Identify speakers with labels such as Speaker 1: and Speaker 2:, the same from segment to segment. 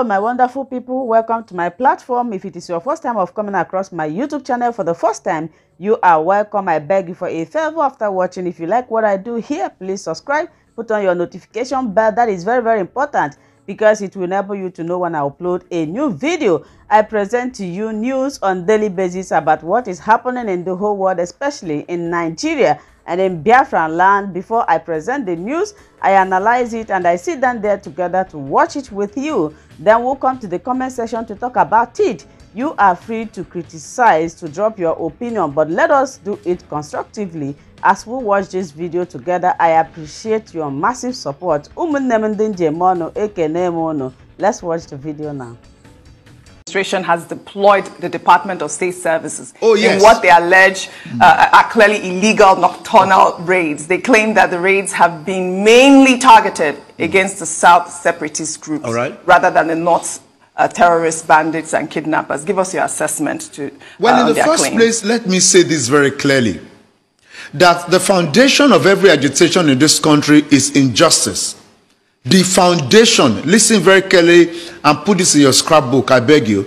Speaker 1: Hello my wonderful people, welcome to my platform. If it is your first time of coming across my YouTube channel for the first time, you are welcome. I beg you for a favor after watching. If you like what I do here, please subscribe, put on your notification bell. That is very, very important because it will enable you to know when I upload a new video. I present to you news on daily basis about what is happening in the whole world, especially in Nigeria and in Biafran land. Before I present the news, I analyze it and I sit down there together to watch it with you. Then we'll come to the comment section to talk about it. You are free to criticize, to drop your opinion, but let us do it constructively as we watch this video together, I appreciate your massive support. Let's watch the video now. Administration has deployed the Department of State Services oh, yes. in what they allege uh, are clearly illegal nocturnal raids. They claim that the raids have been mainly targeted against the South separatist groups rather than the North uh, terrorist bandits and kidnappers. Give us your assessment to uh, Well, in the first claim. place,
Speaker 2: let me say this very clearly that the foundation of every agitation in this country is injustice. The foundation, listen very carefully and put this in your scrapbook, I beg you.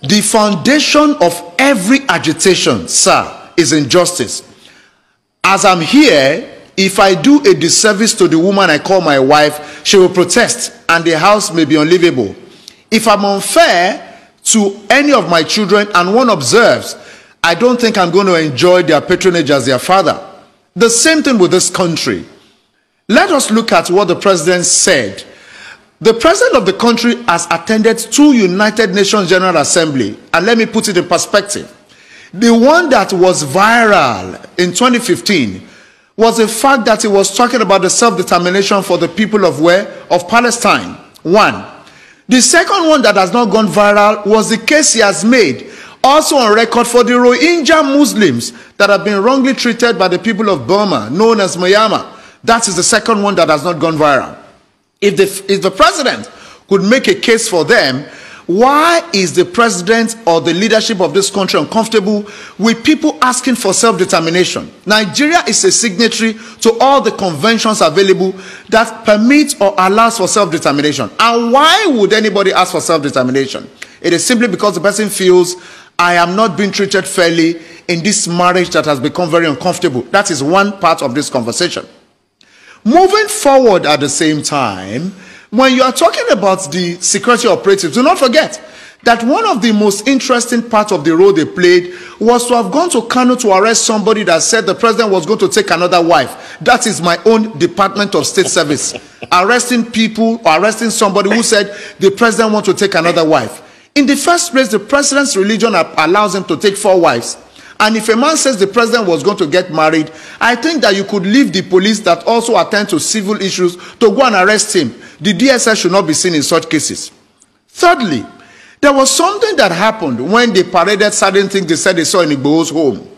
Speaker 2: the foundation of every agitation, sir, is injustice. As I'm here, if I do a disservice to the woman I call my wife, she will protest and the house may be unlivable. If I'm unfair to any of my children and one observes I don't think I'm going to enjoy their patronage as their father. The same thing with this country. Let us look at what the president said. The president of the country has attended two United Nations General Assembly, and let me put it in perspective. The one that was viral in 2015 was the fact that he was talking about the self-determination for the people of where? Of Palestine. One. The second one that has not gone viral was the case he has made also on record for the Rohingya Muslims that have been wrongly treated by the people of Burma, known as Myanmar. That is the second one that has not gone viral. If the, if the president could make a case for them, why is the president or the leadership of this country uncomfortable with people asking for self-determination? Nigeria is a signatory to all the conventions available that permit or allows for self-determination. And why would anybody ask for self-determination? It is simply because the person feels I am not being treated fairly in this marriage that has become very uncomfortable. That is one part of this conversation. Moving forward at the same time, when you are talking about the security operatives, do not forget that one of the most interesting parts of the role they played was to have gone to Kano to arrest somebody that said the president was going to take another wife. That is my own Department of State Service. arresting people or arresting somebody who said the president wants to take another wife. In the first place, the president's religion allows him to take four wives. And if a man says the president was going to get married, I think that you could leave the police that also attend to civil issues to go and arrest him. The DSS should not be seen in such cases. Thirdly, there was something that happened when they paraded certain things they said they saw in Igbo's home.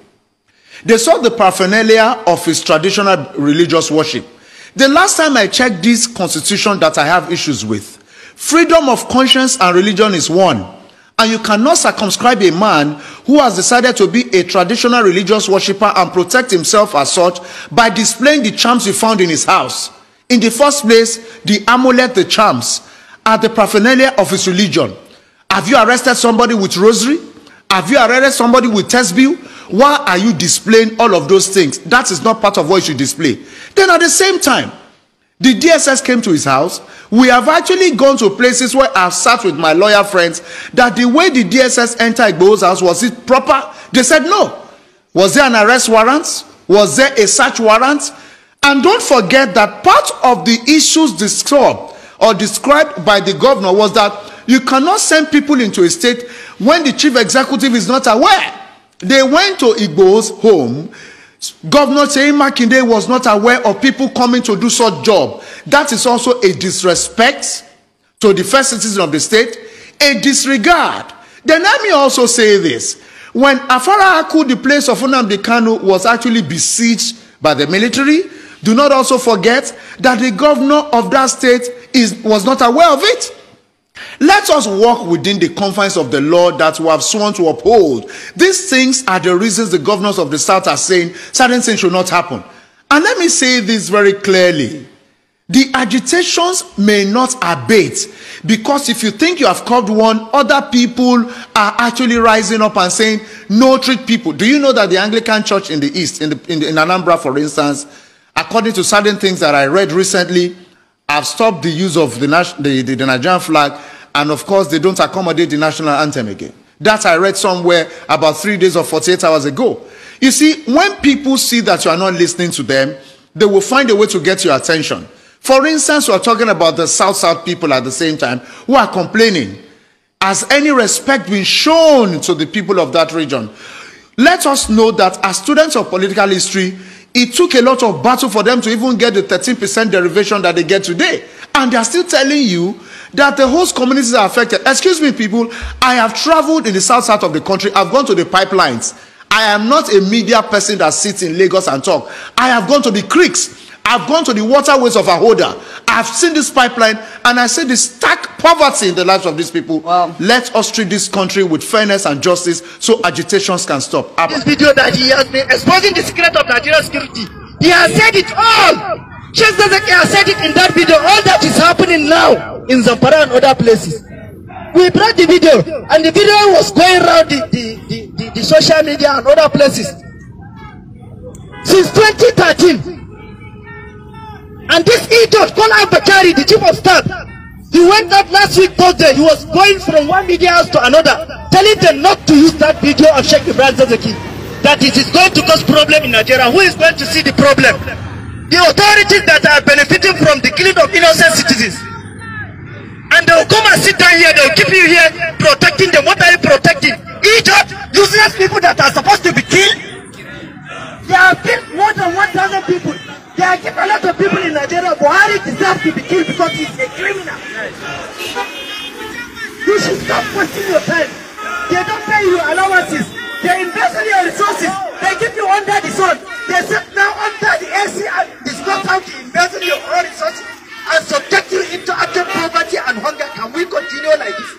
Speaker 2: They saw the paraphernalia of his traditional religious worship. The last time I checked this constitution that I have issues with, Freedom of conscience and religion is one. And you cannot circumscribe a man who has decided to be a traditional religious worshiper and protect himself as such by displaying the charms you found in his house. In the first place, the amulet, the charms, are the paraphernalia of his religion. Have you arrested somebody with rosary? Have you arrested somebody with test bill? Why are you displaying all of those things? That is not part of what you should display. Then at the same time, the DSS came to his house. We have actually gone to places where I've sat with my lawyer friends that the way the DSS entered Igbo's house, was it proper? They said no. Was there an arrest warrant? Was there a search warrant? And don't forget that part of the issues described or described by the governor was that you cannot send people into a state when the chief executive is not aware. They went to Igbo's home Governor saying Makinde was not aware of people coming to do such job. That is also a disrespect to the first citizen of the state, a disregard. Then let me also say this. When Afara Aku, the place of Unamdi Kanu, was actually besieged by the military, do not also forget that the governor of that state is, was not aware of it. Let us walk within the confines of the law that we have sworn to uphold. These things are the reasons the governors of the South are saying certain things should not happen. And let me say this very clearly. The agitations may not abate because if you think you have curbed one, other people are actually rising up and saying, no, treat people. Do you know that the Anglican Church in the East, in, the, in, the, in Anambra, for instance, according to certain things that I read recently, have stopped the use of the, the, the, the Nigerian flag, and of course, they don't accommodate the national anthem again. That I read somewhere about three days or 48 hours ago. You see, when people see that you are not listening to them, they will find a way to get your attention. For instance, we are talking about the South South people at the same time who are complaining. Has any respect been shown to the people of that region? Let us know that as students of political history, It took a lot of battle for them to even get the 13% derivation that they get today. And they are still telling you that the host communities are affected. Excuse me, people, I have traveled in the south side of the country. I've gone to the pipelines. I am not a media person that sits in Lagos and talk. I have gone to the creeks. I've gone to the waterways of Ahoda. I've seen this pipeline and I see the stark poverty in the lives of these people. Wow. Let us treat this country with fairness and justice so agitations can stop. Abba. This video that he has been exposing the secret of Nigerian security, he has said it all.
Speaker 3: Just as he has said it in that video, all that is happening now in Zampara and other places. We brought the video and the video was going around the, the, the, the, the social media and other places. Since 2013, And this idiot, Kola Abakari, the chief of staff, he went up last week Thursday. He was going from one media house to another, telling them not to use that video of Sheikh Ibrahim Zazaki. That it is going to cause problem in Nigeria. Who is going to see the problem? The authorities that are benefiting from the killing of innocent citizens. And they will come and sit down here, they will keep you here protecting them. What are you protecting? Idiot, useless people that are supposed to be killed There have big, more than 1,000 people. There are a lot of people in Nigeria. Buhari deserves to be killed because he's a criminal. You should stop wasting your time. They don't pay you allowances. They invest in your resources. They keep you under the sun. They sit now under the AC and not how to invest in your own resources and subject you into utter poverty and hunger. Can we continue like this?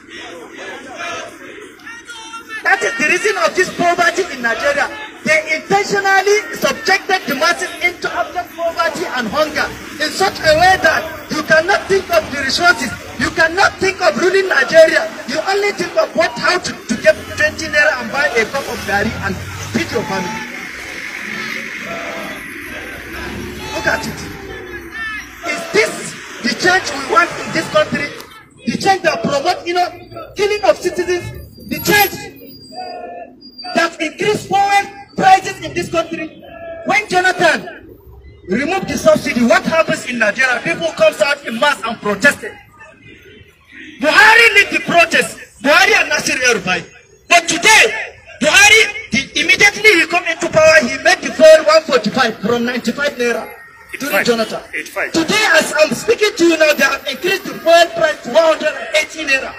Speaker 3: That is the reason of this poverty in Nigeria. They intentionally subjected the masses into abject poverty and hunger in such a way that you cannot think of the resources, you cannot think of ruling Nigeria, you only think of what, how to, to get 20 naira and buy a cup of dairy and feed your family. Look at it. Is this the change we want in this country? The change that promotes, you know, killing of citizens, the change that increase poverty prices in this country. When Jonathan removed the subsidy, what happens in Nigeria? People comes out in mass and protested. Buhari led the protest, Buhari and Nasir Erufai. But today, Buhari, the, immediately he come into power, he made the fare 145 from 95 naira during Five. Jonathan. Today, as I'm speaking to you now, they have increased the fuel price to 118 naira.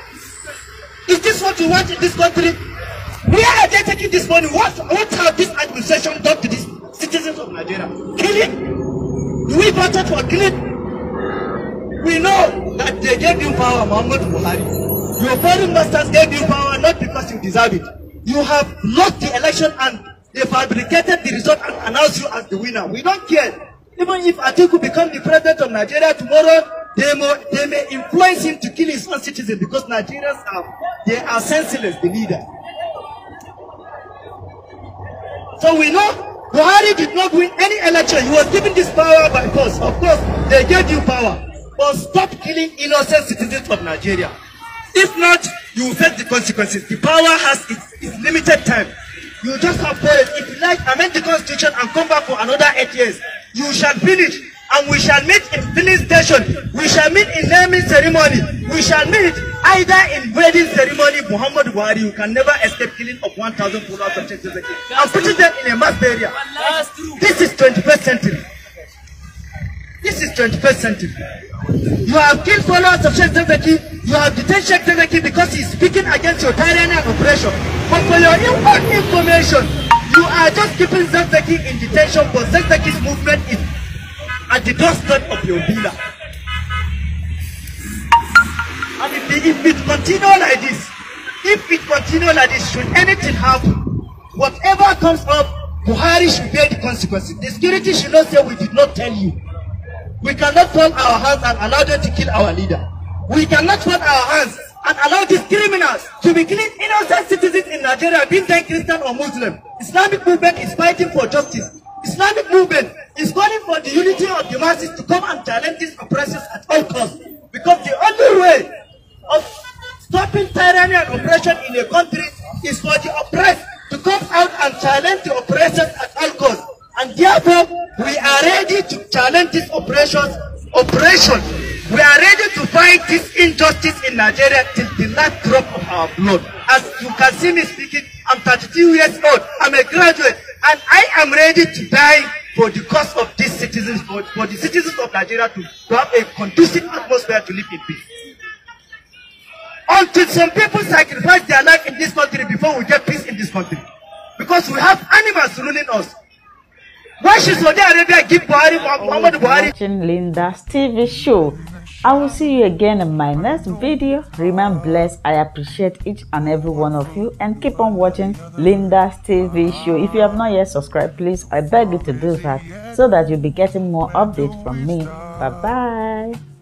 Speaker 3: Is this what you want in this country? Where are they taking this money? What, what have this administration done to these citizens of Nigeria? Killing? Do we voted for killing? We know that they gave you power, Muhammad Buhari. Your foreign masters gave you power not because you deserve it. You have lost the election and they fabricated the result and announced you as the winner. We don't care. Even if Atiku becomes the president of Nigeria tomorrow, they may, they may influence him to kill his own citizens because Nigerians are, they are senseless, the leader. So we know Buhari did not win any election. He was given this power by force. Of course, they gave you power. But stop killing innocent citizens of Nigeria. If not, you will face the consequences. The power has its, its limited time. You just have four If you like, amend the constitution and come back for another eight years. You shall finish and we shall meet in filling station. We shall meet in naming ceremony. We shall meet either in wedding ceremony. Muhammadu Buhari, you can never escape killing of one thousand followers of Sheikh and putting them in a mass area. This is twenty-first century. This is twenty-first century. You have killed followers of Sheikh Zebeki. You have detained Sheikh Zebeki because is speaking against your tyranny and oppression. But for your own information, you are just keeping Zebeki in detention, but Zebeki's movement is at the doorstep of your villa. And if, the, if it continue like this, if it continue like this, should anything happen, whatever comes up, Buhari should bear the consequences. The security should not say we did not tell you. We cannot fold our hands and allow them to kill our leader. We cannot fold our hands and allow these criminals to be killing innocent citizens in Nigeria, being they Christian or Muslim. Islamic movement is fighting for justice. Islamic movement is calling for the unity of the masses to come and challenge these oppressors at all costs. Because the only way of stopping tyranny and oppression in a country is for the oppressed to come out and challenge the oppressors at all costs. And therefore, we are ready to challenge these oppressions, oppression. We are ready to fight this injustice in Nigeria till the last drop of our blood. As you can see me speaking, I'm 32 years old. I'm a graduate, and I am ready to die for the cause of these citizens, for, for the citizens of Nigeria to, to have a conducive atmosphere to live in peace. Until some people sacrifice their life in this country before we get peace in this country. Because we have
Speaker 1: animals ruling us. Why should Saudi Arabia give Buhari, Muhammad Buhari? Watching Linda's TV show. I will see you again in my next video. Remain blessed. I appreciate each and every one of you and keep on watching Linda's TV show. If you have not yet subscribed, please, I beg you to do that so that you'll be getting more updates from me. Bye-bye.